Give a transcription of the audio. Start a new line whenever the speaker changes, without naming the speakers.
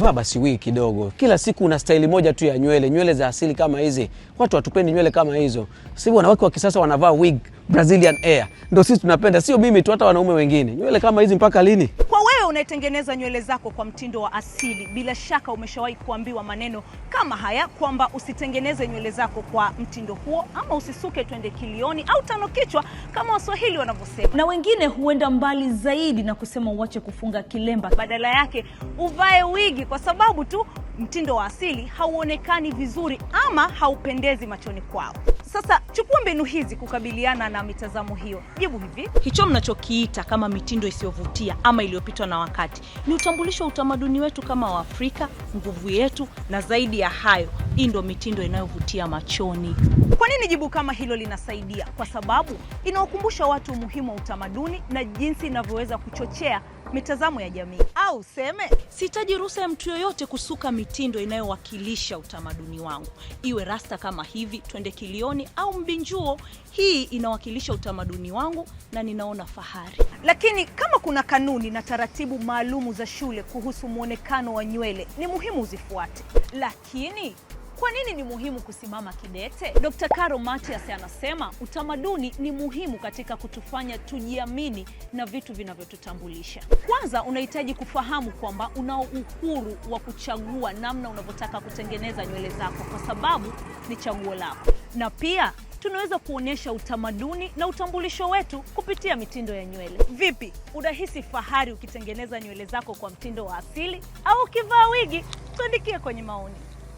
vaa basi wii kidogo. Kila siku una staili moja tu ya nywele, nywele za asili kama hizi. Watu watupeni nywele kama hizo. Sasa wanawake wa kisasa wanavaa wig Brazilian Air. Ndio sisi tunapenda, sio mimi tu, hata wanaume wengine. Nywele kama hizi mpaka lini?
Kwa wewe unaitengeneza nywele zako kwa mtindo wa asili, bila shaka umeshawahi kuambiwa maneno kama haya kwamba usitengeneze nywele zako kwa mtindo huo, ama usisuke twende kilioni au tano kichwa kama Waswahili wanavyosema.
Na wengine huenda mbali zaidi na kusema uache kufunga kilemba,
badala yake uvae wigi, kwa sababu tu mtindo wa asili hauonekani vizuri ama haupendezi machoni kwao. Sasa Chukua mbinu hizi kukabiliana na mitazamo hiyo. Jibu hivi:
hicho mnachokiita kama mitindo isiyovutia ama iliyopitwa na wakati ni utambulisho wa utamaduni wetu kama Waafrika, nguvu yetu, na zaidi ya hayo, hii ndio mitindo inayovutia machoni.
Kwa nini jibu kama hilo linasaidia? Kwa sababu inawakumbusha watu umuhimu wa utamaduni na jinsi inavyoweza kuchochea mitazamo ya jamii au useme.
Sitaji ruhusa ya mtu yoyote kusuka mitindo inayowakilisha utamaduni wangu, iwe rasta kama hivi, twende kilioni au mbinjuo. Hii inawakilisha utamaduni wangu na ninaona fahari.
Lakini kama kuna kanuni na taratibu maalumu za shule kuhusu mwonekano wa nywele, ni muhimu uzifuate, lakini kwa nini ni muhimu kusimama kidete?
Dr. Caro Matias anasema utamaduni ni muhimu katika kutufanya tujiamini na vitu vinavyotutambulisha. Kwanza unahitaji kufahamu kwamba unao uhuru wa kuchagua namna unavyotaka kutengeneza nywele zako kwa sababu ni chaguo lako. Na pia tunaweza kuonyesha utamaduni na utambulisho wetu kupitia mitindo ya nywele.
Vipi, unahisi fahari ukitengeneza nywele zako kwa mtindo wa asili au ukivaa wigi? Tuandikie kwenye maoni.